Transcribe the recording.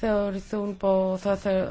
Θεωρηθούν πως θα θε,